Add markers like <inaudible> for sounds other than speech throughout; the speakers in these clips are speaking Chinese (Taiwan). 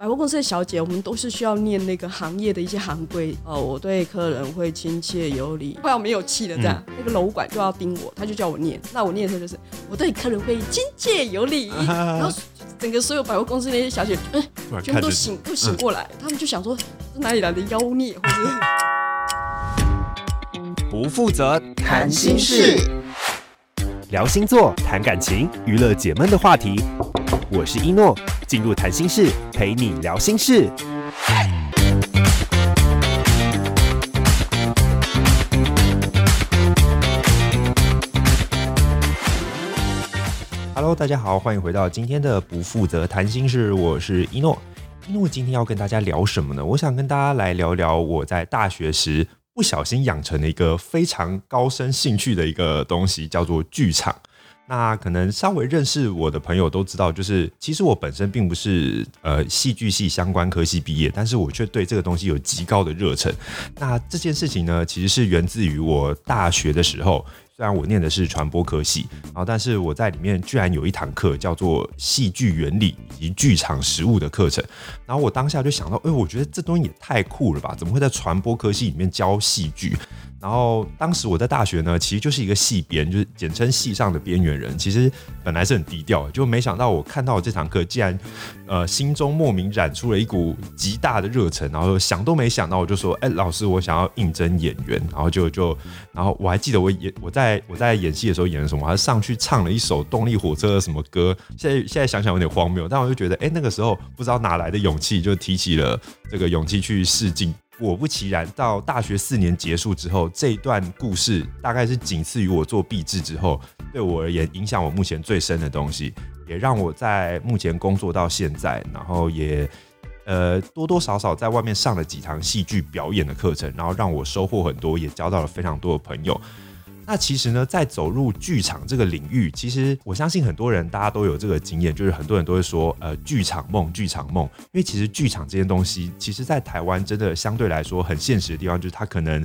百貨公司的小姐，我們都是需要念那個行業的一些行規。哦，我對客人會親切有禮，快要沒有氣了這樣。嗯、那個樓管就要盯我，他就叫我念。那我念的時候就是：我對客人會親切有禮、啊。然後，整個所有百貨公司那些小姐，哎、嗯，全部都醒都醒過來、嗯？他們就想說，是哪裡來的妖孽？ <laughs> 不負責談心事，聊星座、談感情、娛樂解悶的話題。我是一諾。進入談心室，陪你聊心事。Hello，大家好，歡迎回到今天的不負責談心室，我是一諾。一諾今天要跟大家聊什麼呢？我想跟大家來聊一聊我在大學時不小心養成的一個非常高深興趣的一個東西，叫做劇場。那可能稍微認識我的朋友都知道，就是其實我本身並不是呃戲劇系相關科系畢業，但是我卻對這個東西有極高的熱忱。那這件事情呢，其實是源自於我大學的時候，雖然我念的是傳播科系，然後但是我在裡面居然有一堂課叫做戲劇原理以及劇場實務的課程，然後我當下就想到，哎、欸，我覺得這東西也太酷了吧？怎麼會在傳播科系裡面教戲劇？然後當時我在大學呢，其實就是一個戲編，就是簡稱戲上的邊緣人。其實本來是很低調的，就沒想到我看到這堂課，竟然，呃，心中莫名燃出了一股極大的熱忱。然後想都沒想到，我就說，哎、欸，老師，我想要應徵演員。然後就就，然後我還記得我演，我在我在演戲的時候演了什麼，還是上去唱了一首《動力火車》的什麼歌。現在現在想想有點荒謬，但我就覺得，哎、欸，那個時候不知道哪來的勇氣，就提起了這個勇氣去試鏡。果不其然，到大學四年結束之後，這一段故事大概是僅次於我做畢製之後，對我而言影響我目前最深的東西，也讓我在目前工作到現在，然後也呃多多少少在外面上了幾堂戲劇表演的課程，然後讓我收穫很多，也交到了非常多的朋友。那其實呢，在走入劇場這個領域，其實我相信很多人大家都有這個經驗，就是很多人都會說，呃，劇場夢，劇場夢，因為其實劇場這件東西，其實在台灣真的相對來說很現實的地方，就是它可能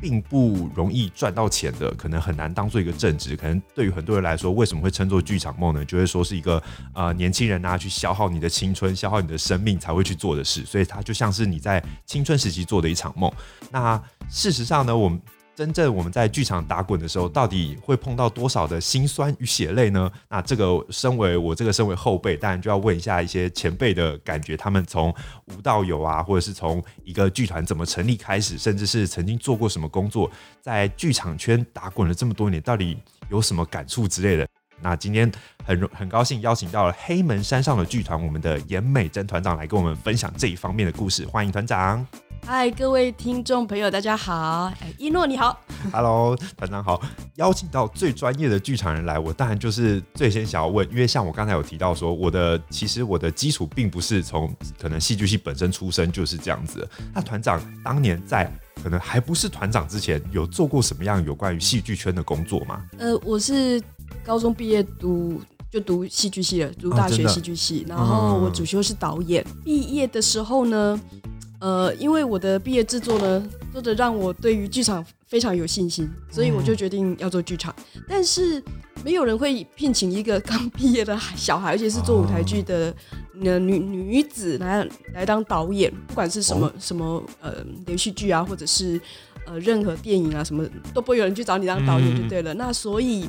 並不容易賺到錢的，可能很難當做一個正職。可能對於很多人來說，為什麼會稱作劇場夢呢？就會說是一個啊、呃，年輕人吶、啊，去消耗你的青春，消耗你的生命才會去做的事，所以它就像是你在青春時期做的一場夢。那事實上呢，我們。真正我們在劇場打滾的時候，到底會碰到多少的辛酸與血淚呢？那這個，身為我這個身為後輩，當然就要問一下一些前輩的感覺。他們從無到有啊，或者是從一個劇團怎麼成立開始，甚至是曾經做過什麼工作，在劇場圈打滾了這麼多年，到底有什麼感觸之類的？那今天很很高興邀請到了黑門山上的劇團，我們的顏美珍團長來跟我們分享這一方面的故事，歡迎團長。嗨，各位聽眾朋友，大家好！哎、欸，一諾你好，Hello，團長好。邀請到最專業的劇場人來，我當然就是最先想要問，因為像我剛才有提到說，我的其實我的基礎並不是從可能戲劇系本身出身，就是這樣子。那團長當年在可能還不是團長之前，有做過什麼樣有關於戲劇圈的工作嗎？呃，我是高中畢業讀就讀戲劇系了，讀大學戲劇系、哦，然後我主修是導演。畢、嗯、業的時候呢？呃，因為我的畢業制作呢做得，讓我對於劇場非常有信心、嗯，所以我就決定要做劇場。但是沒有人會聘請一個剛畢業的小孩，而且是做舞台劇的女、哦、女，女子來來當導演，不管是什麼、哦、什麼呃連續劇啊，或者是呃任何電影啊，什麼都不會有人去找你當導演就對了。嗯、那所以。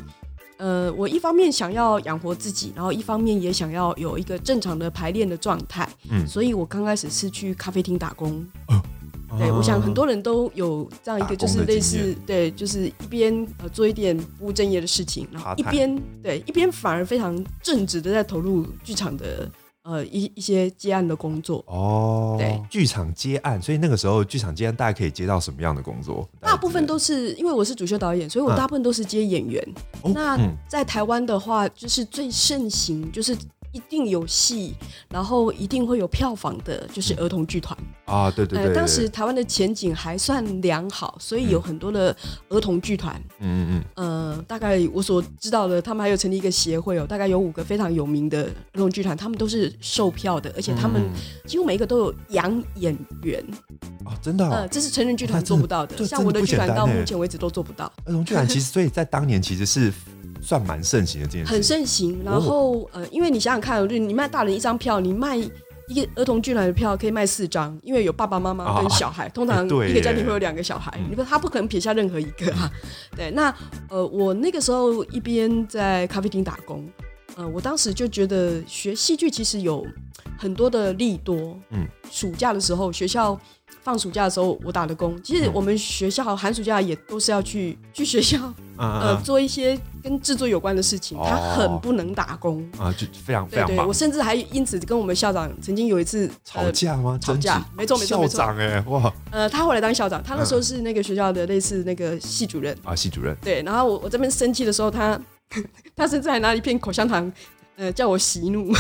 呃，我一方面想要養活自己，然後一方面也想要有一個正常的排練的狀態，嗯，所以我剛開始是去咖啡廳打工，嗯，對，我想很多人都有這樣一個，就是類似對，就是一邊呃做一點不務正業的事情，然後一邊，對，一邊反而非常正直的在投入劇場的。呃，一一些接案的工作哦，對，劇場接案，所以那個時候劇場接案，大概可以接到什麼樣的工作？大部分都是因為我是主修導演，所以我大部分都是接演員。嗯、那在台灣的話，就是最盛行，就是一定有戲、嗯，然後一定會有票房的，就是兒童劇團。嗯啊，對對對、對，呃，當時台灣的前景還算良好，所以有很多的兒童劇團，嗯嗯嗯，呃，大概我所知道的，他們還有成立一個協會哦，大概有五個非常有名的兒童劇團，他們都是售票的，而且他們幾乎每一個都有養演員，嗯啊、真的、啊，嗯、呃，這是成人劇團做不到的，啊的的欸、像我的劇團到目前為止都做不到。兒童劇團其實所以在當年其實是算蠻盛行的這件事，很盛行。然後、哦、呃，因為你想想看哦，你賣大人一張票，你賣。一個兒童劇來的票可以賣四張，因為有爸爸媽媽跟小孩，哦，通常一個家庭會有兩個小孩，你、欸、不他不可能撇下任何一個哈、啊，對，那呃我那個時候一邊在咖啡廳打工，呃我當時就覺得學戲劇其實有很多的利多。嗯，暑假的時候學校。放暑假的時候，我打了工。其實我們學校寒暑假也都是要去去學校、嗯啊，呃，做一些跟製作有關的事情。哦、他很不能打工啊、嗯，就非常對對對非常。對，我甚至還因此跟我們校長曾經有一次吵架嗎？吵架，真的？沒錯沒錯沒錯。校長哎、欸，哇，呃，他後來當校長，他那時候是那個學校的類似那個系主任啊，系主任。對，然後我我這邊生氣的時候，他他甚至還拿一片口香糖，呃，叫我息怒。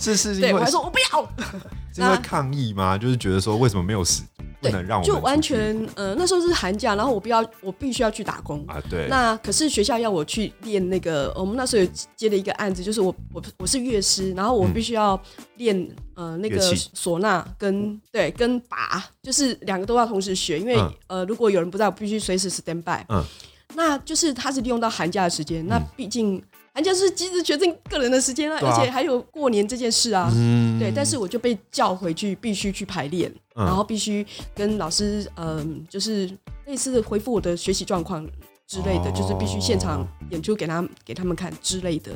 這是對我還說我不要，是因為抗議嗎、啊？就是覺得說為什麼沒有死？不能讓我就完全呃那時候是寒假，然後我不要我必須要去打工啊。對，那可是學校要我去練那個，我們那時候有接了一個案子，就是我我我是樂師，然後我必須要練、嗯、呃那個嗩吶跟對跟拔，就是兩個都要同時學，因為、嗯、呃如果有人不在，我必須隨時 stand by。嗯，那就是他是利用到寒假的時間、嗯，那畢竟。人、就、家是積極決定個人的時間、啊啊、而且還有過年這件事啊、嗯，對。但是我就被叫回去，必須去排練、嗯，然後必須跟老師，嗯、呃，就是類似的回覆我的學習狀況之類的，哦、就是必須現場演出給他給他們看之類的。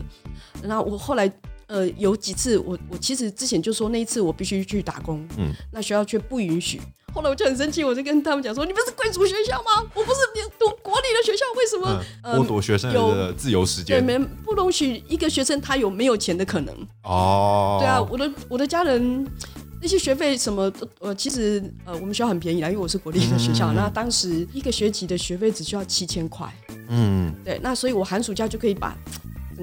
然後我後來，呃，有幾次我我其實之前就說那一次我必須去打工，嗯，那學校卻不允許。後來我就很生氣，我就跟他們講說：“你們是貴族學校嗎？我不是讀國立的學校，為什麼、嗯、剝奪學生的自由時間？對，不容許一個學生他有沒有錢的可能？”哦，對啊，我的我的家人那些學費什麼，呃，其實呃，我們學校很便宜啦，因為我是國立的學校，嗯、那當時一個學期的學費只需要七千塊。嗯，對，那所以我寒暑假就可以把。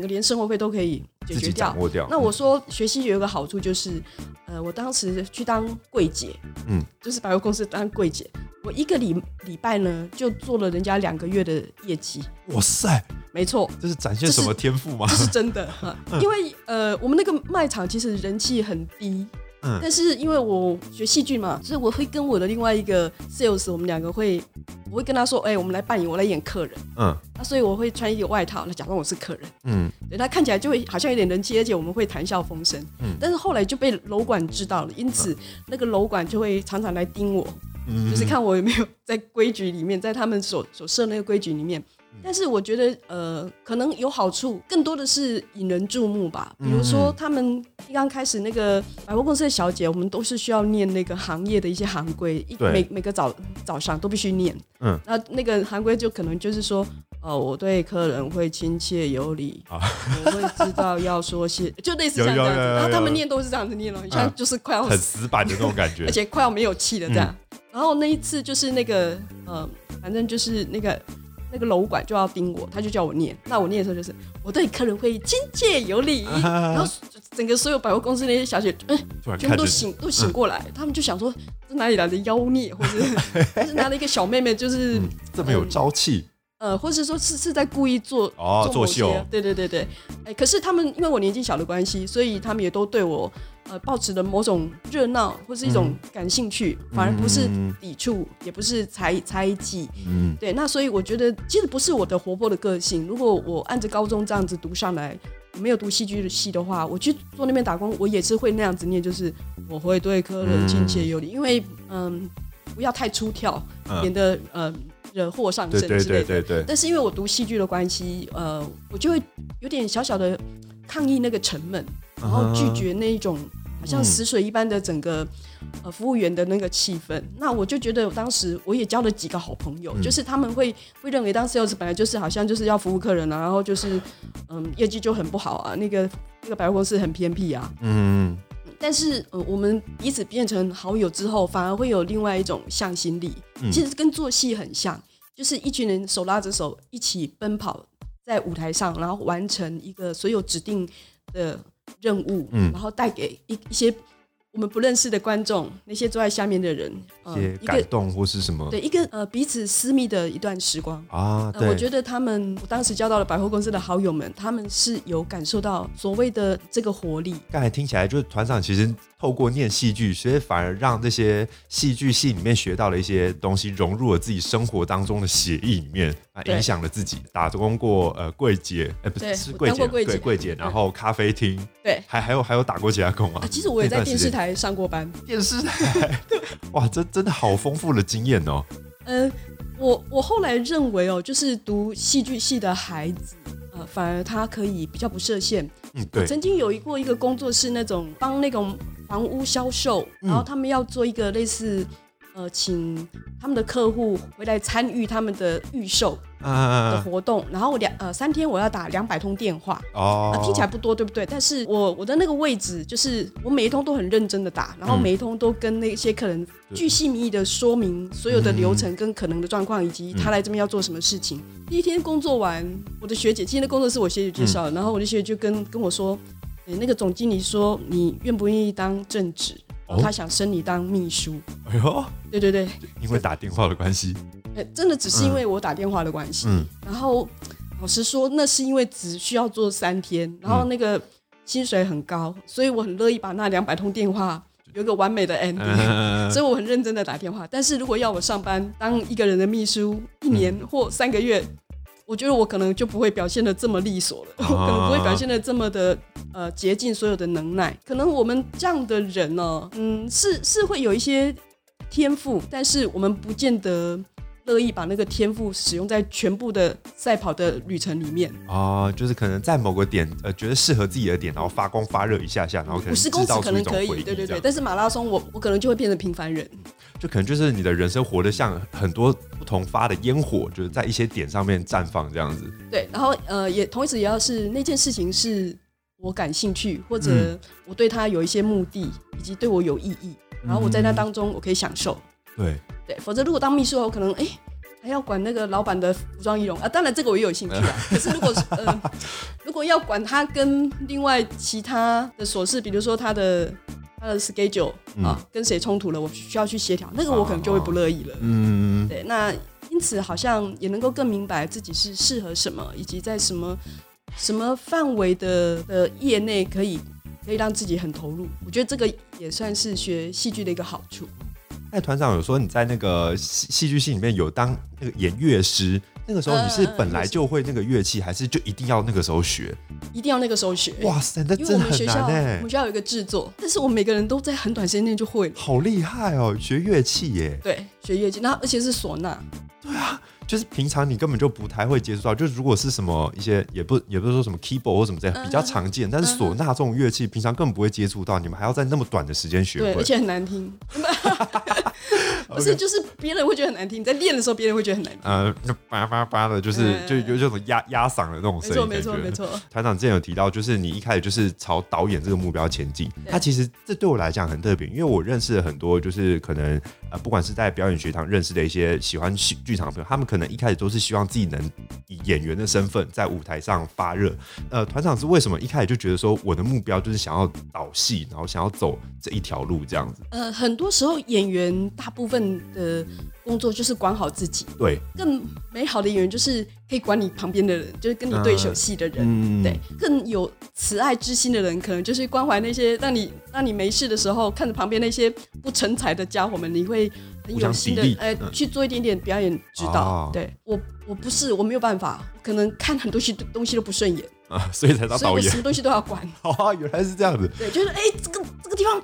連生活費都可以解決掉。那我說學習有一個好處就是，呃，我當時去當櫃姐，嗯，就是百貨公司當櫃姐，我一個禮禮拜呢就做了人家兩個月的業績。哇塞，沒錯，這是展現什麼天賦嗎？這是真的，啊、 <laughs> 因為呃，我們那個賣場其實人氣很低。嗯，但是因為我學戲劇嘛，所以我會跟我的另外一個 sales，我們兩個會，我會跟他說，哎、欸，我們來扮演，我來演客人，嗯，那所以我會穿一個外套，那假裝我是客人，嗯，對，他看起來就會好像有點人氣，而且我們會談笑風生，嗯，但是後來就被樓管知道了，因此那個樓管就會常常來盯我，嗯，就是看我有沒有在規矩裡面，在他們所所設那個規矩裡面。但是我覺得，呃，可能有好處，更多的是引人注目吧。比如說，他們一剛開始那個百貨公司的小姐，我們都是需要念那個行業的一些行規，每每個早早上都必須念。嗯，那那個行規就可能就是說，呃，我對客人會親切有禮、啊，我會知道要說些， <laughs> 就類似像這樣子有有有有有有。然後他們念都是這樣子念了、嗯，你像就是快要死很死板的那種感覺，而且快要沒有氣了這樣、嗯。然後那一次就是那個，呃，反正就是那個。那個樓管就要盯我，他就叫我念。那我念的時候就是，我對客人會親切有禮、啊。然後整個所有百貨公司那些小姐，哎、呃，全部都醒，都醒過來，啊、他們就想說，這哪裡來的妖孽，或是 <laughs> 是哪一個小妹妹，就是、嗯、這麼有朝氣，呃，或是說是是在故意做、哦、做，做秀，對對對對。哎、欸，可是他們因為我年紀小的關係，所以他們也都對我。呃，抱持的某種熱鬧或是一種感興趣，嗯、反而不是抵觸、嗯，也不是猜猜忌。嗯，對。那所以我覺得，其實不是我的活潑的個性。如果我按著高中這樣子讀上來，沒有讀戲劇的戲的話，我去做那邊打工，我也是會那樣子念，就是我會對客人親切有禮、嗯，因為嗯、呃，不要太出挑，免、啊、得呃惹禍上身之類的。對對對對，對。但是因為我讀戲劇的關係，呃，我就會有點小小的抗議那個沉悶，然後拒絕那一種。好像死水一般的整個，呃，服務員的那個氣氛、嗯，那我就覺得，我當時我也交了幾個好朋友，嗯、就是他們會會認為當 Sales 本來就是好像就是要服務客人啊，然後就是，嗯，業績就很不好啊，那個那個百貨公司很偏僻啊。嗯。但是、嗯、我們彼此變成好友之後，反而會有另外一種向心力、嗯，其實跟做戲很像，就是一群人手拉着手一起奔跑在舞台上，然後完成一個所有指定的。任務，嗯，然後帶給一一些我們不認識的觀眾，那些坐在下面的人，一些感動或是什麼，對、呃、一個，對一個呃彼此私密的一段時光啊，對、呃，我覺得他們我當時交到了百貨公司的好友們，他們是有感受到所謂的這個活力，剛才聽起來就是團長其實。透過念戲劇，所以反而讓那些戲劇系裡面學到了一些東西，融入了自己生活當中的血液裡面啊，影響了自己。打工過呃櫃姐，哎、欸、不是，是櫃姐櫃姐，櫃姐，然後咖啡廳、嗯，對，還還有還有打過其他工啊，啊。其實我也在電視台上過班。電視台 <laughs> 哇，這真的好豐富的經驗哦。嗯、呃，我我後來認為哦，就是讀戲劇系的孩子。反而他可以比較不設限。我曾經有一過一個工作是那種幫那種房屋銷售，然後他們要做一個類似。呃，請他們的客戶回來參與他們的預售的活動，uh, 然後兩呃三天我要打兩百通電話哦、oh. 呃，聽起來不多對不對？但是我我的那個位置就是我每一通都很認真的打，然後每一通都跟那些客人巨細靡遺的說明所有的流程跟可能的狀況以及他來這邊要做什麼事情。Uh -huh. 第一天工作完，我的學姐今天的工作是我學姐介紹的，uh -huh. 然後我的學姐就跟跟我說誒，那個總經理說你願不願意當正職？他想升你當秘書。哎呦，對對對，因為打電話的關係、嗯。真的只是因為我打電話的關係、嗯。然後老實說，那是因為只需要做三天，然後那個薪水很高，所以我很樂意把那兩百通電話有個完美的 ending、嗯。所以我很認真的打電話。但是如果要我上班當一個人的秘書，一年或三個月。我覺得我可能就不會表現得這麼利索了，啊、可能不會表現得這麼的呃竭盡所有的能耐。可能我們這樣的人呢、喔，嗯，是是會有一些天賦，但是我們不見得樂意把那個天賦使用在全部的賽跑的旅程裡面。哦、啊，就是可能在某個點呃覺得適合自己的點，然後發光發熱一下下，然後可能五十公尺可能可以，對，對對對。但是馬拉松我，我我可能就會變成平凡人。就可能就是你的人生活得像很多不同發的煙火，就是在一些點上面綻放這樣子。對，然後呃，也同時也要是那件事情是我感興趣，或者我對他有一些目的、嗯，以及對我有意義，然後我在那當中我可以享受。嗯、對對，否則如果當秘書，我可能哎、欸、還要管那個老闆的服裝儀容啊，當然這個我也有興趣啊。嗯、可是如果嗯、 <laughs> 呃，如果要管他跟另外其他的瑣事，比如說他的。他的 schedule 啊、嗯，跟誰衝突了，我需要去協調，那個我可能就會不樂意了。嗯、哦，對嗯，那因此好像也能夠更明白自己是適合什麼，以及在什麼什麼範圍的的業內可以可以讓自己很投入。我覺得這個也算是學戲劇的一個好處。哎，團長有說你在那個戲戲劇系裡面有當那個演樂師。那個時候你是本來就會那個樂器，還是就一定要那個時候學嗯嗯、就是？一定要那個時候學。哇塞，那真的很難哎、欸！我們學校有一個製作，但是我每個人都在很短時間內就會了好厲害哦！學樂器耶？對，學樂器，那而且是嗩吶。對啊，就是平常你根本就不太會接觸到，就如果是什麼一些也不也不是說什麼 keyboard 或什麼這樣、嗯嗯、比較常見，但是嗩吶這種樂器平常根本不會接觸到，你們還要在那麼短的時間學對。而且很難聽。 <laughs> <laughs> <laughs> 不是，okay. 就是別人會覺得很難聽。你在練的時候，別人會覺得很難聽。呃，叭叭叭的，就是就有這種壓壓嗓的那種聲音。沒錯，沒錯，團長之前有提到，就是你一開始就是朝導演這個目標前進。他其實這對我來講很特別，因為我認識了很多，就是可能呃，不管是在表演學堂認識的一些喜歡劇場的朋友，他們可能一開始都是希望自己能以演員的身份在舞台上發熱。呃，團長是為什麼一開始就覺得說我的目標就是想要導戲，然後想要走這一條路這樣子？呃，很多時候演員。大部分的工作就是管好自己，對，更美好的演員就是可以管你旁邊的人，就是跟你對手戲的人，啊嗯、對，更有慈愛之心的人，可能就是關懷那些讓你讓你沒事的時候看着旁邊那些不成才的家伙們，你會很有心的，呃嗯、去做一點點表演指導、啊。對我我不是我沒有辦法，可能看很多戲東西都不順眼啊，所以才當導演，所以什麼東西都要管。哦，原來是這樣子，對，就是哎、欸，這個這個地方。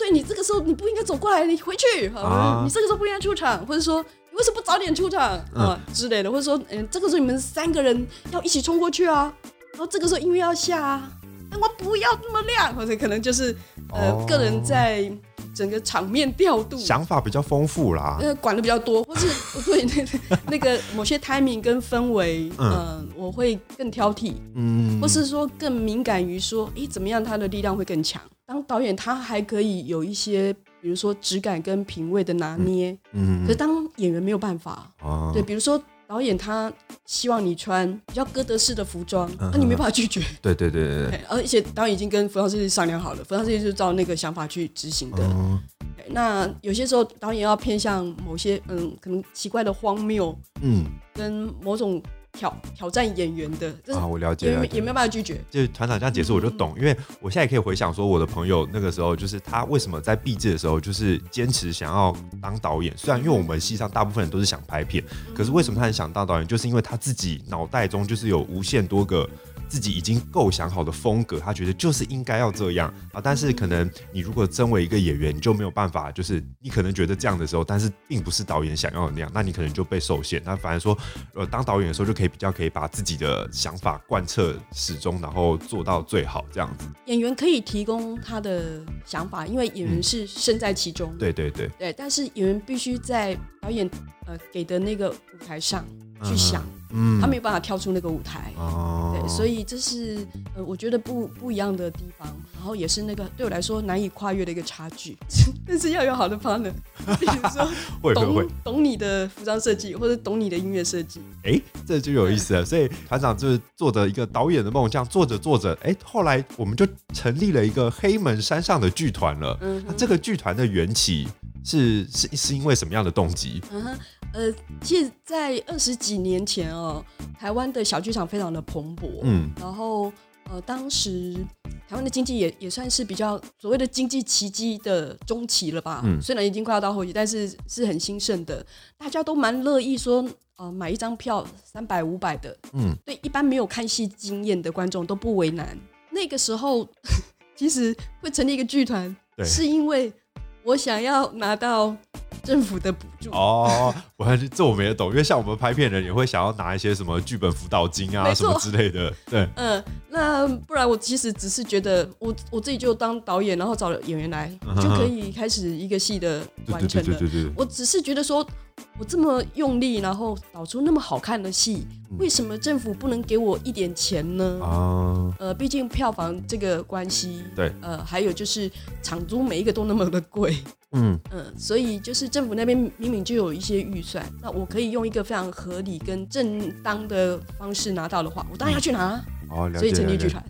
對，你這個時候你不應該走過來，你回去。好、啊，你這個時候不應該出場，或者說你為什麼不早點出場、嗯、啊之類的，或者說嗯、欸，這個時候你們三個人要一起衝過去啊，然後這個時候音樂要下啊，燈、欸、光不要那麼亮，或者可能就是呃、哦、個人在整個場面調度，想法比較豐富啦，呃、管的比較多，或是 <laughs> 對那那個某些 timing 跟氛圍，嗯、呃，我會更挑剔，嗯，或是說更敏感於說，哎、欸，怎麼樣他的力量會更強。當導演，他還可以有一些，比如說質感跟品味的拿捏，嗯，嗯嗯，可是當演員沒有辦法，哦，對，比如說導演他希望你穿比較哥德式的服裝，那、嗯啊、你沒辦法拒絕，對對對對，對，而且導演已經跟服裝師商量好了，服裝師是照那個想法去執行的、嗯。那有些時候導演要偏向某些，嗯，可能奇怪的荒謬，嗯，跟某種。挑挑戰演員的，啊，我了解了，也沒了也沒有辦法拒絕。就是團長這樣解釋，我就懂、嗯嗯，因為我現在也可以回想說，我的朋友那個時候，就是他為什麼在畢製的時候就是堅持想要當導演。雖然因為我們系上大部分人都是想拍片，嗯、可是為什麼他很想當導演，就是因為他自己腦袋中就是有無限多個。自己已經構想好的風格，他覺得就是應該要這樣啊。但是可能你如果身為一個演員，你就沒有辦法，就是你可能覺得這樣的時候，但是並不是導演想要的那樣，那你可能就被受限。那反而說，呃，當導演的時候就可以比較可以把自己的想法貫徹始終，然後做到最好這樣子。演員可以提供他的想法，因為演員是身在其中，嗯。對對對對，但是演員必須在導演呃給的那個舞台上去想。嗯嗯，他沒有辦法跳出那個舞臺，哦、對，所以這是呃，我覺得不不一樣的地方，然後也是那個對我來說難以跨越的一個差距。 <laughs> 但是要有好的 partner，比如說懂 <laughs> 會會會懂你的服裝設計或者懂你的音樂設計，哎、欸，這就有意思了。所以團長就是做着一個導演的夢，這樣做着做着，哎、欸，後來我們就成立了一個黑門山上的劇團了。那、嗯、這個劇團的緣起是是是因為什麼樣的動機？嗯哼呃，其實，在二十幾年前哦，台灣的小劇場非常的蓬勃，嗯，然後呃，當時台灣的經濟也也算是比較所謂的經濟奇蹟的中期了吧，嗯，雖然已經快要到後期，但是是很興盛的，大家都蠻樂意說，呃，買一張票三百五百的，嗯，對一般沒有看戲經驗的觀眾都不為難。那個時候，其實會成立一個劇團，對，是因為我想要拿到。政府的補助哦，我還是這我沒得懂，因為像我們拍片人也會想要拿一些什麼劇本輔導金啊什麼之類的，對，嗯，那不然我其實只是覺得我我自己就當導演，然後找演員來、嗯、哼哼就可以開始一個戲的完成了。對對，對對對對，我只是覺得說我這麼用力，然後導出那麼好看的戲，為什麼政府不能給我一點錢呢？啊、嗯，呃，畢竟票房這個關係，對，呃，還有就是場租每一個都那麼的貴。嗯嗯、呃，所以就是政府那邊明明就有一些預算，那我可以用一個非常合理跟正當的方式拿到的話，我當然要去拿，嗯、所以成立劇團。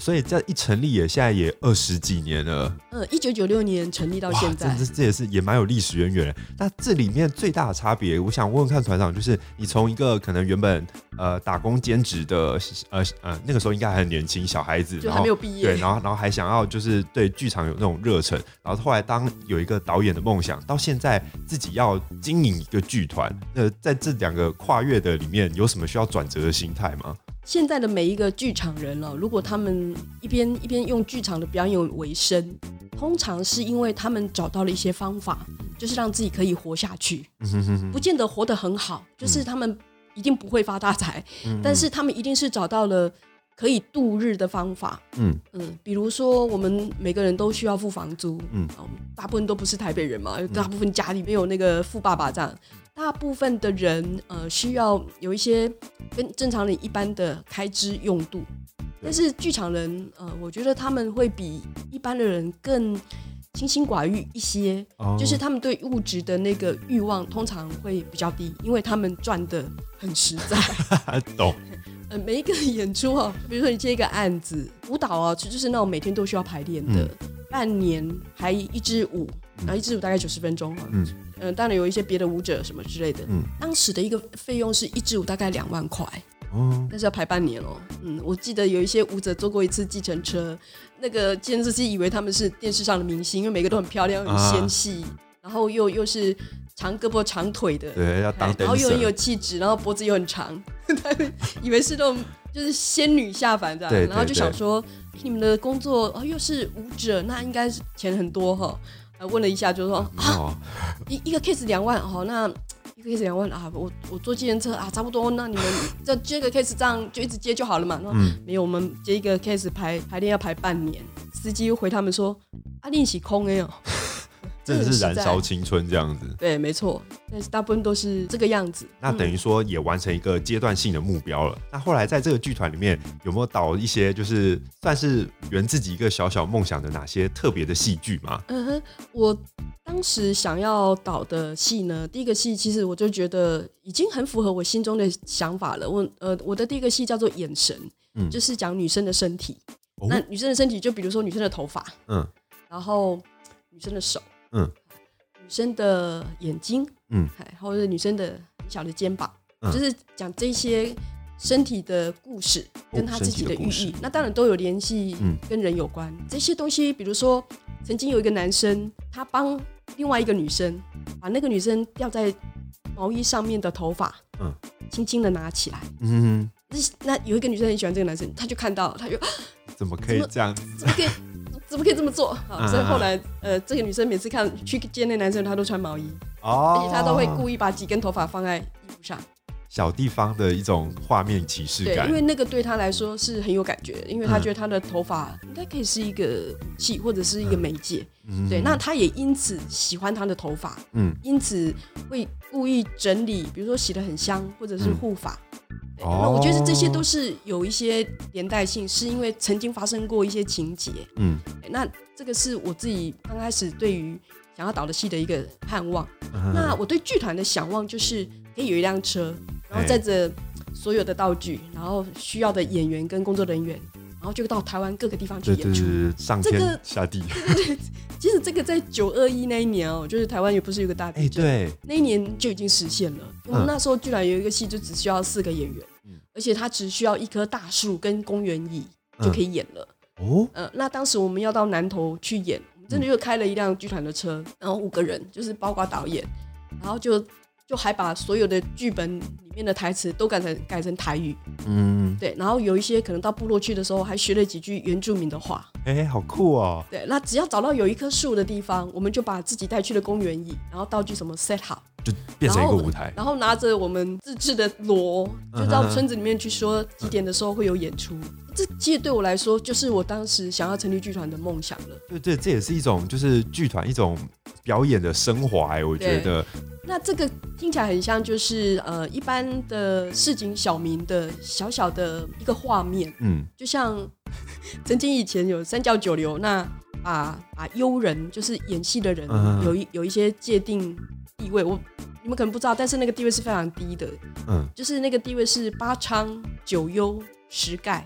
所以這一成立也現在也二十幾年了。嗯、呃，一九九六年成立到現在，哇，這這也是也蠻有歷史淵源。那這裡面最大的差別，我想問問看團長，就是你從一個可能原本呃打工兼職的，呃呃那個時候應該還很年輕小孩子，然後就還沒有畢業，對，然後然後還想要就是對劇場有那種熱忱，然後後來當有一個導演的夢想，到現在自己要經營一個劇團，那、呃、在這兩個跨越的裡面，有什麼需要轉折的心態嗎？現在的每一個劇場人了、啊，如果他們一邊一邊用劇場的表演為生，通常是因為他們找到了一些方法，就是讓自己可以活下去。嗯、哼哼不見得活得很好、嗯，就是他們一定不會發大財、嗯，但是他們一定是找到了可以度日的方法。嗯嗯，比如說我們每個人都需要付房租嗯，嗯，大部分都不是台北人嘛，大部分家裡沒有那個富爸爸這樣。大部分的人，呃，需要有一些跟正常人一般的開支用度，但是劇場人，呃，我覺得他們會比一般的人更清心寡欲一些，哦，就是他們對物質的那個慾望通常會比較低，因為他們賺得很實在。 <laughs> 懂。呃，每一個演出哦，比如說你接一個案子，舞蹈啊，就是那種每天都需要排練的，嗯、半年還一支舞。然後一支舞大概九十分鐘、喔，嗯、呃，當然有一些別的舞者什麼之類的，嗯，當時的一個費用是一支舞大概兩萬塊、哦，但是要排半年哦，嗯，我記得有一些舞者坐過一次計程車，那個監視器以為他們是電視上的明星，因為每個都很漂亮、很纖細，然後又又是長胳膊長腿的，對，要然後又很有氣質，然後脖子又很長，他 <laughs> 們以為是那種就是仙女下凡，對,對,對,對，然後就想說、欸、你們的工作哦，又是舞者，那應該是錢很多哈。問了一下就是，就說啊，一一個 case 兩萬，好、哦，那一個 case 兩萬啊，我我坐計程車啊，差不多，那你們這接個 case 這樣就一直接就好了嘛。嗯、沒有，我們接一個 case 排排練要排半年，司機又回他們說啊練習空哎呦，、哦真的是燃燒青春這樣子，對，沒錯，但是大部分都是這個樣子。嗯、那等於說也完成一個階段性的目標了。那後來在這個劇團裡面有沒有導一些就是算是圓自、自己一個小小夢想的哪些特別的戲劇嗎？嗯哼，我當時想要導的戲呢，第一個戲其實我就覺得已經很符合我心中的想法了。我呃，我的第一個戲叫做《眼神》，嗯，就是講女生的身體。那女生的身體，就比如說女生的頭髮，嗯，然後女生的手。嗯，女生的眼睛，嗯，或者女生的很小的肩膀，嗯，就是講這些身體的故事，跟她自己的寓意，哦的，那當然都有聯繫，跟人有關，嗯、這些東西，比如說曾經有一個男生，他幫另外一個女生把那個女生掉在毛衣上面的頭髮，嗯，輕輕的拿起來，嗯哼哼，那那有一個女生很喜歡這個男生，他就看到了，他就怎麼可以這樣子？ <laughs> 怎麼可以這麼做？所以後來、嗯啊，呃，這個女生每次看去見那男生，她都穿毛衣，哦、而且她都會故意把幾根頭髮放在衣服上。小地方的一種畫面既視感，對，因為那個對她來說是很有感覺，因為她覺得她的頭髮應該可以是一個武器或者是一個媒介，嗯、對，那她也因此喜歡她的頭髮，嗯，因此會故意整理，比如說洗得很香，或者是護髮。嗯那我覺得這些都是有一些連帶性，是因為曾經發生過一些情節。嗯，那這個是我自己剛開始對於想要導的戲的一個盼望。嗯、那我對劇團的想望就是可以有一輛車，然後載着所有的道具，然後需要的演員跟工作人員，然後就到台灣各個地方去演出。對，這個上天下地 <laughs> 對。其實這個在九二一那一年哦、喔，就是台灣也不是有個大地震，欸？對，那一年就已經實現了。因、嗯、為那時候居然有一個戲就只需要四個演員。而且他只需要一棵大樹跟公園椅就可以演了哦、嗯呃。那當時我們要到南投去演，我們真的就開了一輛劇團的車，然後五個人就是包括導演，然後就就還把所有的劇本裡面的台詞都改成改成台語。嗯，對，然後有一些可能到部落去的時候，還學了幾句原住民的話。哎、欸，好酷哦。對，那只要找到有一棵樹的地方，我們就把自己帶去的公園椅，然後道具什麼 set 好，就變成一個舞台。然後，然後拿着我們自制的鑼，就到村子裡面去說、嗯、幾點的時候會有演出。這其實對我來說，就是我當時想要成立劇團的夢想了。對，對，對，這這也是一種，就是劇團一種表演的升華、欸，我覺得。那這個聽起來很像，就是呃，一般的市井小民的小小的一個畫面。嗯，就像。曾經以前有三教九流，那啊啊優人就是演戲的人，嗯、有一有一些界定地位，我你們可能不知道，但是那個地位是非常低的，嗯，就是那個地位是八娼九優十丐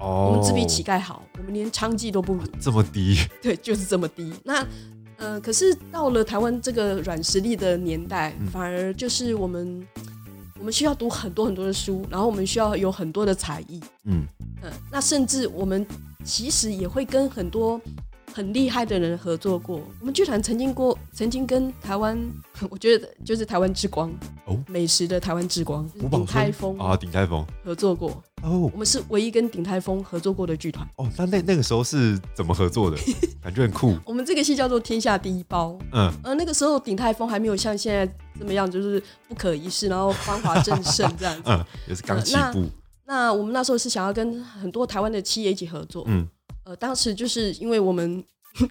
哦，我們只比乞丐好，我們連娼妓都不如、啊、這麼低，對，就是這麼低。那呃，可是到了台灣這個軟實力的年代、嗯，反而就是我們。我們需要讀很多很多的書，然後我們需要有很多的才藝。嗯，呃，那甚至我們其實也會跟很多。很厲害的人合作過，我們劇團曾經過曾經跟台灣，我覺得就是台灣之光哦，美食的台灣之光鼎、就是、泰豐啊鼎泰豐合作過哦，哦，我們是唯一跟鼎泰豐合作過的劇團哦。但那那那個時候是怎麼合作的？ <laughs> 感覺很酷。我們這個戲叫做《天下第一包》。嗯，呃，那個時候鼎泰豐還沒有像現在這麼樣，就是不可一世，然後芳華正盛這樣子。 <laughs> 嗯，也是剛起步、呃那。那我們那時候是想要跟很多台灣的企業一起合作。嗯。呃，當時就是因為我們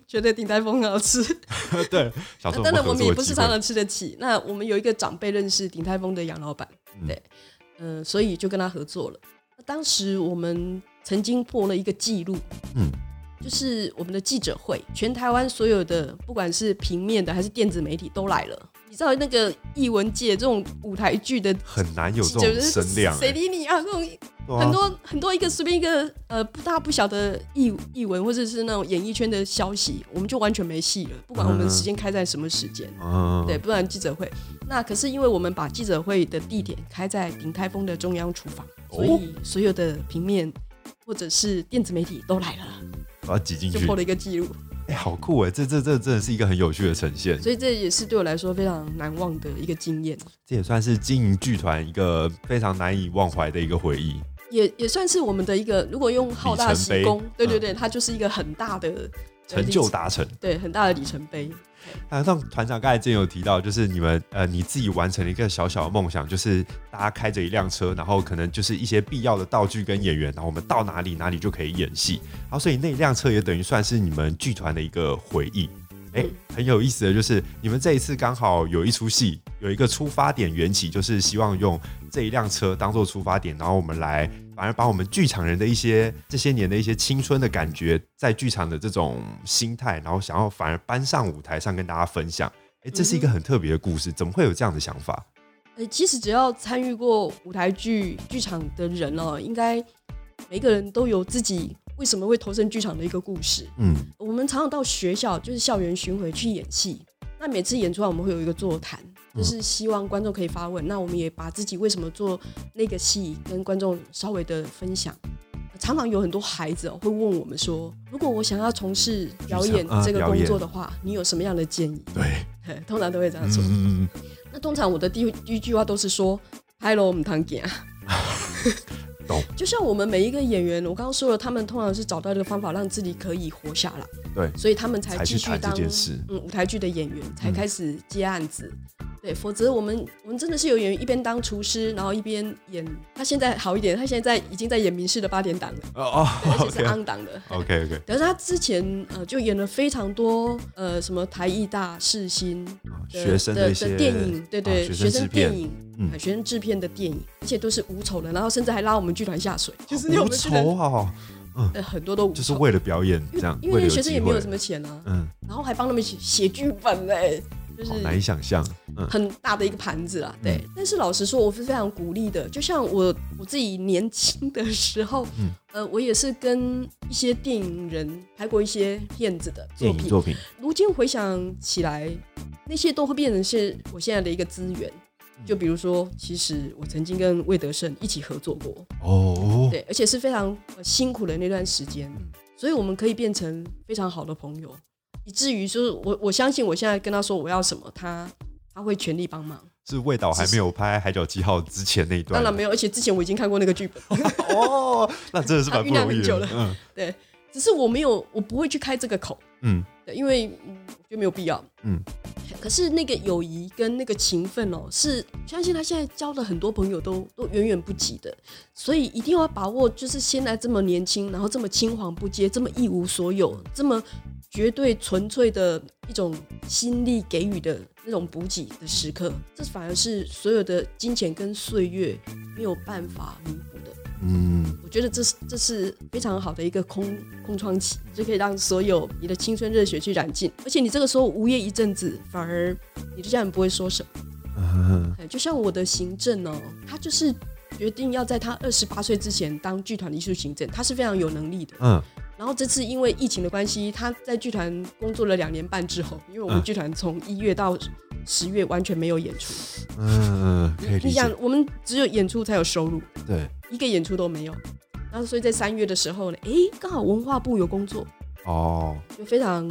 覺得鼎泰豐很好吃， <laughs> 對，當然我，我們也不是常常吃得起。那我們有一個長輩認識鼎泰豐的楊老板，對，嗯，呃，所以就跟他合作了。當時我們曾經破了一個記錄，嗯，就是我們的記者會，全台灣所有的，不管是平面的還是電子媒體都來了。你知道那個藝文界這種舞台劇的，很難有這種聲量，欸，誰理你啊？這種很多很多一個隨便一個呃不大不小的藝藝文或者是那種演藝圈的消息，我們就完全沒戲了。不管我們時間開在什麼時間，嗯，對，不然記者會，嗯。那可是因為我們把記者會的地點開在鼎泰豐的中央廚房，所以所有的平面或者是電子媒體都來了，把它擠進去，就破了一個記錄。哎、欸，好酷哎！這這這真的是一個很有趣的呈現，所以這也是對我來說非常難忘的一個經驗。這也算是經營劇團一個非常難以忘懷的一個回憶，也也算是我們的一個，如果用浩大施工，對對對、嗯，它就是一個很大的。成就達成，成，對，很大的里程碑。那像團長剛才之前有提到，就是你們呃你自己完成了一個小小的夢想，就是大家開着一輛車，然後可能就是一些必要的道具跟演員，然後我們到哪裡哪裡就可以演戲。然後所以那輛車也等於算是你們劇團的一個回憶。欸、很有意思的，就是你們這一次剛好有一齣戲，有一個出發點緣起，就是希望用這一輛車當做出發點，然後我們來。反而把我們劇場人的一些這些年的一些青春的感覺，在劇場的這種心態，然後想要反而搬上舞台上跟大家分享。哎、欸，這是一個很特別的故事。嗯，怎麼會有這樣的想法？欸、其實只要參與過舞台劇劇場的人呢、喔，應該每個人都有自己為什麼會投身劇場的一個故事。嗯，我們常常到學校就是校園巡迴去演戲，那每次演出來，我們會有一個座談。就是希望觀眾可以發問、嗯，那我們也把自己為什麼做那個戲，跟觀眾稍微的分享。常常有很多孩子、喔、會問我們說：“如果我想要從事表演這個工作的話、嗯，你有什麼樣的建議？”對、嗯，通常都會這樣說。嗯、那通常我的第一句話都是說：“Hello，我們唐姐啊，就像我們每一個演員，我剛剛說了，他們通常是找到這個方法讓自己可以活下來。對。所以他們才繼續當去台這件事嗯舞台劇的演員，才開始接案子。嗯對，否則我們我們真的是有演一邊當廚師，然後一邊演。他現在好一點，他現在，在已經在演民視的八點檔了，哦、oh, 哦、oh, okay.，而且是 on 檔的。OK OK。可是他之前呃就演了非常多呃什麼台藝大世新學生些的電影，對對，對、啊，學生制片生電影，嗯，學生制片的電影，而且都是無酬的，然後甚至還拉我們劇團下水，哦、就是無酬，好、嗯、好，很多都無酬，就是為了表演這樣，因為，因為那學生也沒有什麼錢啊，了嗯，然後還幫他們寫寫劇本嘞、欸。好難以想象，嗯，很大的一個盤子啦。對，但是老實說，我是非常鼓勵的。就像我我自己年輕的時候，呃，我也是跟一些電影人拍過一些片子的作品。作品。如今回想起來，那些都會變成是我現在的一個資源。就比如說，其實我曾經跟魏德聖一起合作過。哦。對，而且是非常辛苦的那段時間，所以我們可以變成非常好的朋友。以至於就是我，我相信我現在跟他說我要什麼，他他會全力幫忙。是魏導還沒有拍《海角七號》之前那一段，當然沒有，而且之前我已經看過那個劇本。哦， <laughs> 哦，那真的是蠻醞釀很久了。嗯，對，只是我沒有，我不會去開這個口。嗯，對，因為、嗯、我覺得沒有必要。嗯，可是那個友誼跟那個情分，哦，是相信他現在交的很多朋友都都遠遠不及的，所以一定要把握，就是現在這麼年輕，然後這麼青黃不接，這麼一無所有，這麼絕對純粹的一種心力給予的那種補給的時刻，這反而是所有的金錢跟歲月沒有辦法彌補的。嗯，我覺得這是這是非常好的一個空空窗期，就可以讓所有你的青春熱血去燃盡。而且你這個時候無業一陣子，反而你的家人不會說什麼。嗯，就像我的行政哦，他就是決定要在他二十八歲之前當劇團的藝術行政，他是非常有能力的。嗯，然後這次因為疫情的關係，他在劇團工作了兩年半之後，因為我們劇團從一月到。十月完全沒有演出，嗯，可以你想我們只有演出才有收入，對，一個演出都沒有，然後所以在三月的時候呢，哎、欸，剛好文化部有工作，哦，就非常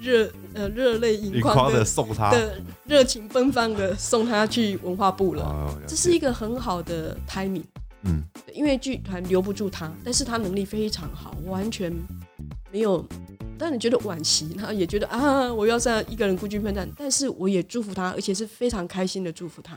熱，呃，熱淚盈，盈眶的送他，的熱情奔放的送他去文化部了，哦了，這是一個很好的 timing，嗯，因為劇團留不住他，但是他能力非常好，完全沒有。但你覺得惋惜，然後也覺得啊，我要這樣一個人孤軍奮戰。但是我也祝福他，而且是非常開心的祝福他。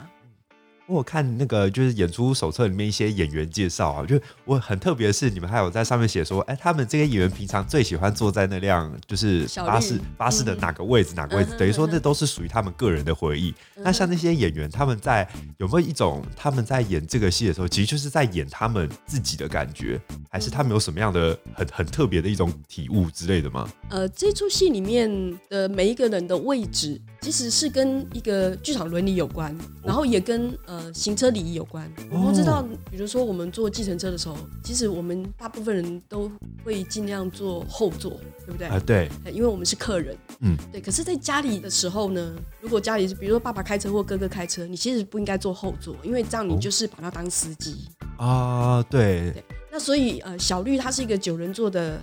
我看那個就是演出手冊裡面一些演員介紹啊，就我很特別是，你們還有在上面寫說，哎、欸，他們這些演員平常最喜歡坐在那輛就是巴士巴士的哪個位置，嗯、哪個位置，等、嗯、於說那都是屬於他們個人的回憶。嗯嗯、那像那些演員，他們在有沒有一種他們在演這個戲的時候，其實就是在演他們自己的感覺，還是他們有什麼樣的很很特別的一種體悟之類的嗎？呃，這出戲裡面的每一個人的位置。其實是跟一個劇場倫理有關，然後也跟、oh. 呃行車禮儀有關。我不知道，oh. 比如說我們坐計程車的時候，其實我們大部分人都會盡量坐後座，對不對？啊、呃，對，因為我們是客人。嗯，對。可是在家裡的時候呢，如果家裡是比如說爸爸開車或哥哥開車，你其實不應該坐後座，因為這樣你就是把他當司機。啊、oh. uh,，對。那所以呃，小綠它是一個九人座的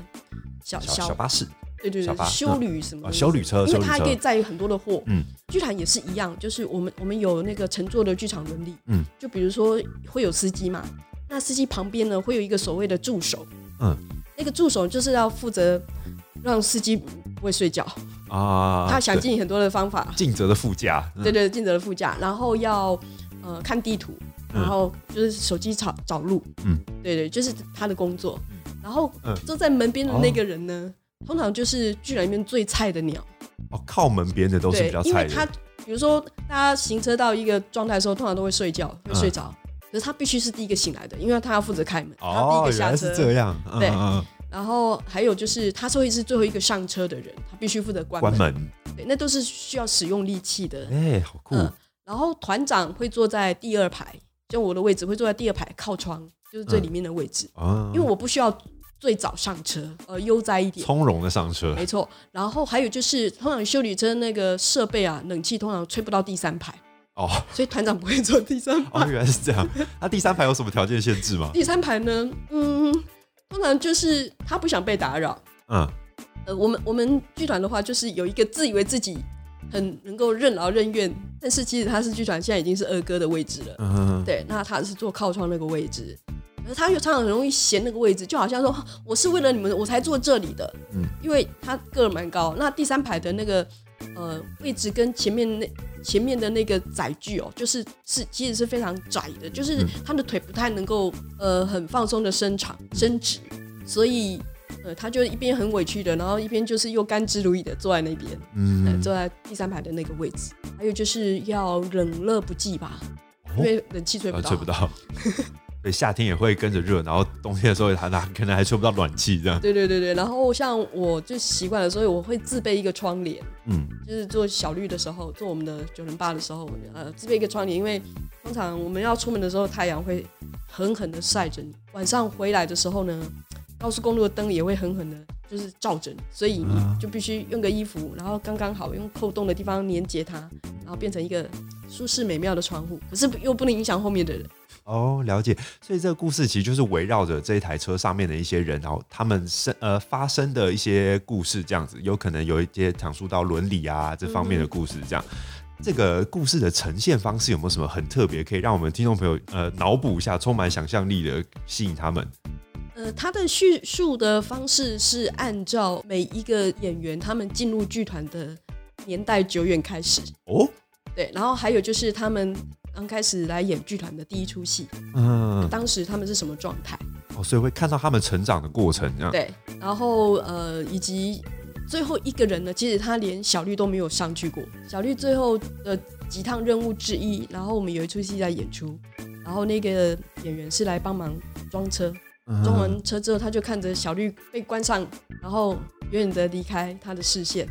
小小、小巴士。對對對，休旅什麼，嗯？休、啊、旅車，因為他可以載很多的貨。嗯，劇場也是一樣，就是我們我們有那個乘坐的劇場倫理，嗯，就比如說會有司機嘛，那司機旁邊呢，會有一個所謂的助手、嗯。那個助手就是要負責讓司機不會睡覺啊，他想盡很多的方法。盡責的副駕、嗯，對對，對，盡責的副駕，然後要呃看地圖，然後就是手機找找路。嗯，對，對對，就是他的工作。然後坐在門邊的那個人呢？嗯哦通常就是劇團裡面最菜的鳥，哦，靠門邊的都是比較菜的。因為他，比如說大家行車到一個狀態的時候，通常都會睡覺，嗯、會睡着。可是他必須是第一個醒來的，因為他要負責開門。哦、他第一個下車原來是這樣、嗯啊。對，然後還有就是他會是最後一個上車的人，他必須負責關門,關門。對，那都是需要使用力氣的。哎、欸，好酷。嗯、然後團長會坐在第二排，就我的位置會坐在第二排靠窗，就是最裡面的位置。嗯嗯、啊，因為我不需要。最早上車，呃，悠哉一點，從容的上車，沒錯。然後還有就是，通常休旅車那個設備啊，冷氣通常吹不到第三排哦，所以團長不會坐第三排。哦、原來是這樣，那第三排有什麼條件限制嗎？ <laughs> 第三排呢，嗯，通常就是他不想被打擾。嗯，呃、我們我們劇團的話，就是有一個自以為自己很能夠任勞任怨，但是其實他是劇團現在已經是二哥的位置了。嗯，對，那他是坐靠窗那個位置。他就常常很容易嫌那個位置，就好像說，我是為了你們我才坐這裡的，嗯，因為他個蠻高，那第三排的那個呃位置跟前面那前面的那個載具哦，就是是其實是非常窄的，就是他的腿不太能夠呃很放鬆的伸長伸直，所以、呃、他就一邊很委屈的，然後一邊就是又甘之如飴的坐在那邊，嗯、呃，坐在第三排的那個位置，還有就是要冷熱不計吧、哦，因為冷氣吹不到，吹不到。 <laughs> 對，夏天也會跟着熱，然後冬天的時候它那可能還吹不到暖氣這樣。對對對對，然後像我就習慣了，所以我會自備一個窗簾，嗯，就是做小綠的時候，做我們的九零八的時候，呃，自備一個窗簾，因為通常我們要出門的時候太陽會狠狠的曬着你，晚上回來的時候呢，高速公路的燈也會狠狠的就是照着你，所以你就必須用個衣服，然後剛剛好用扣洞的地方連接它，然後變成一個舒適美妙的窗戶，可是又不能影響後面的人。哦，了解。所以這個故事其實就是圍繞着這一台車上面的一些人，然後他們生呃發生的一些故事，這樣子有可能有一些講述到倫理啊這方面的故事。這樣。嗯，這個故事的呈現方式有沒有什麼很特別，可以讓我們聽眾朋友呃腦補一下，充滿想象力的吸引他們？呃，他的敘述的方式是按照每一個演員他們進入劇團的年代久遠開始。哦，對，然後還有就是他們。剛開始來演劇團的第一出戲，嗯，當時他們是什麼狀態？哦，所以會看到他們成長的過程，這樣對。然後呃，以及最後一個人呢，其實他連小綠都沒有上去過。小綠最後的幾趟任務之一，然後我們有一出戲在演出，然後那個演員是來幫忙裝車，裝完車之後，他就看着小綠被關上，然後遠遠地離開他的視線，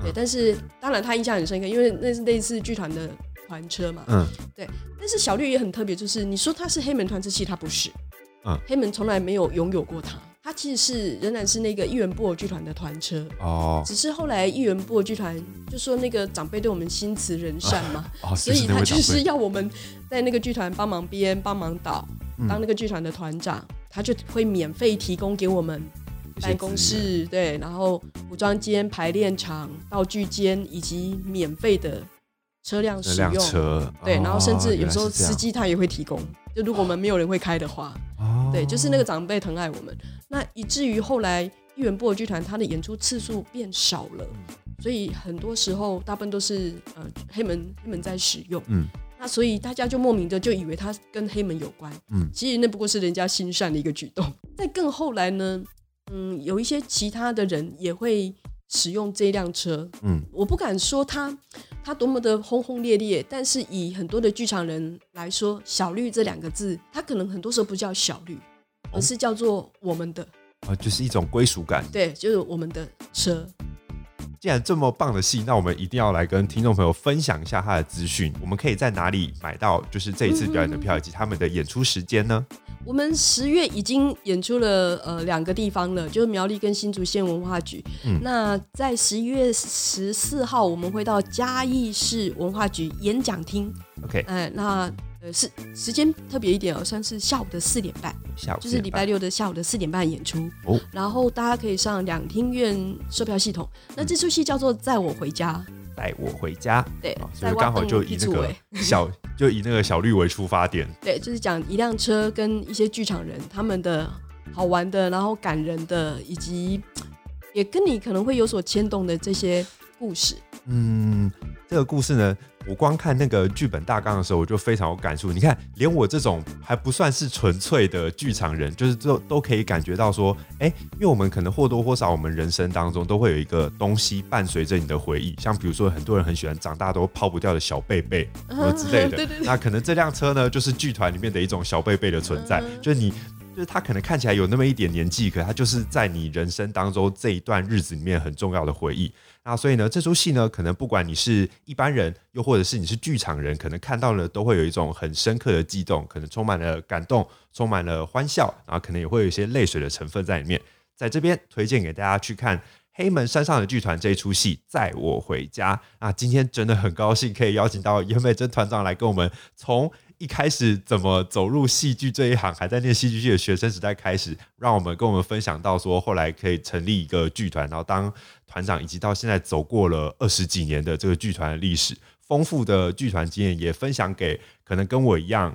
嗯。對，但是當然他印象很深刻，因為那是類似劇團的。團車嘛，嗯，對，但是小綠也很特別，就是你說他是黑門團之器，他不是，啊、嗯，黑門從來沒有擁有過他，他其實是仍然是那個藝員布偶劇團的團車哦，只是後來藝員布偶劇團就說那個長輩對我們心慈人善嘛，啊、所以他就是要我們在那個劇團幫忙編、幫忙導，當那個劇團的團長，他就會免費提供給我們辦公室，對，然後服裝間、排練場、道具間以及免費的。車輛使用車。對、哦，然後甚至有時候司機他也會提供、哦，就如果我們沒有人會開的話，哦、對，就是那個長輩疼愛我們，那以至於後來一元布爾劇團他的演出次數變少了、嗯，所以很多時候大部分都是呃黑門黑門在使用，嗯，那所以大家就莫名的就以為他跟黑門有關，嗯，其實那不過是人家心善的一個舉動。再、嗯、更後來呢，嗯，有一些其他的人也會使用這輛車，嗯，我不敢說他。它多麼的轟轟烈烈，但是以很多的劇場人來說，“小綠”這兩個字，它可能很多時候不叫“小綠”，而是叫做“我們的”，啊、哦，就是一種歸屬感。對，就是我們的車。既然這麼棒的戲，那我們一定要來跟聽眾朋友分享一下它的資訊。我們可以在哪裡買到？就是這一次表演的票以及他們的演出時間呢？我們十月已經演出了呃兩個地方了，就是苗栗跟新竹縣文化局。嗯，那在十一月十四號我們會到嘉義市文化局演講廳。OK，哎，那。呃，是時間特別一點哦，喔，算是下午的四點半，下午就是禮拜六的下午的四點半演出。哦，然後大家可以上兩廳院售票系統。嗯，那這齣戲叫做《載我回家》，載我回家，對，所以剛好就以那個小，小，就以那個小綠為出發點。 <laughs> 對，就是講一輛車跟一些劇場人他們的好玩的，然後感人的，以及也跟你可能會有所牽動的這些故事。嗯，這個故事呢，我光看那個劇本大綱的時候，我就非常有感觸。你看，連我這種還不算是純粹的劇場人，就是都都可以感覺到說，哎、欸，因為我們可能或多或少，我們人生當中都會有一個東西伴隨着你的回憶。像比如說，很多人很喜歡長大都拋不掉的小貝貝什麼之類的。Uh -huh, 那可能這輛車呢， <laughs> 就是劇團裡面的一種小貝貝的存在，uh -huh. 就是你。就是他可能看起來有那麼一點年紀，可他就是在你人生當中這一段日子裡面很重要的回憶。那所以呢，這出戲呢，可能不管你是一般人，又或者是你是劇場人，可能看到了都會有一種很深刻的激動，可能充滿了感動，充滿了歡笑，然後可能也會有一些淚水的成分在裡面。在這邊推薦給大家去看《黑門山上的劇團》這一出戲，《載我回家》。那今天真的很高興可以邀請到顏美珍團長來跟我們從。一開始怎麼走入戲劇這一行，還在念戲劇系的學生時代開始，讓我們跟我們分享到說，後來可以成立一個劇團，然後當團長，以及到現在走過了二十幾年的這個劇團的歷史，豐富的劇團經驗也分享給可能跟我一樣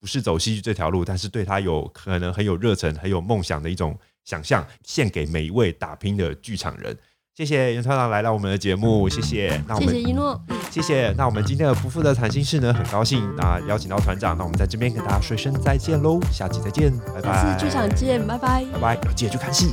不是走戲劇這條路，但是對他有可能很有熱忱、很有夢想的一種想象，獻給每一位打拼的劇場人。謝謝顏團長來到我們的節目，謝謝。那我們謝謝一諾、嗯，謝謝。那我們今天的不負的談心事呢，很高興啊，邀請到團長。那我們在這邊跟大家說聲再見嘍，下期再見，拜拜。下次劇場見，拜拜，拜拜，要記得去看戲。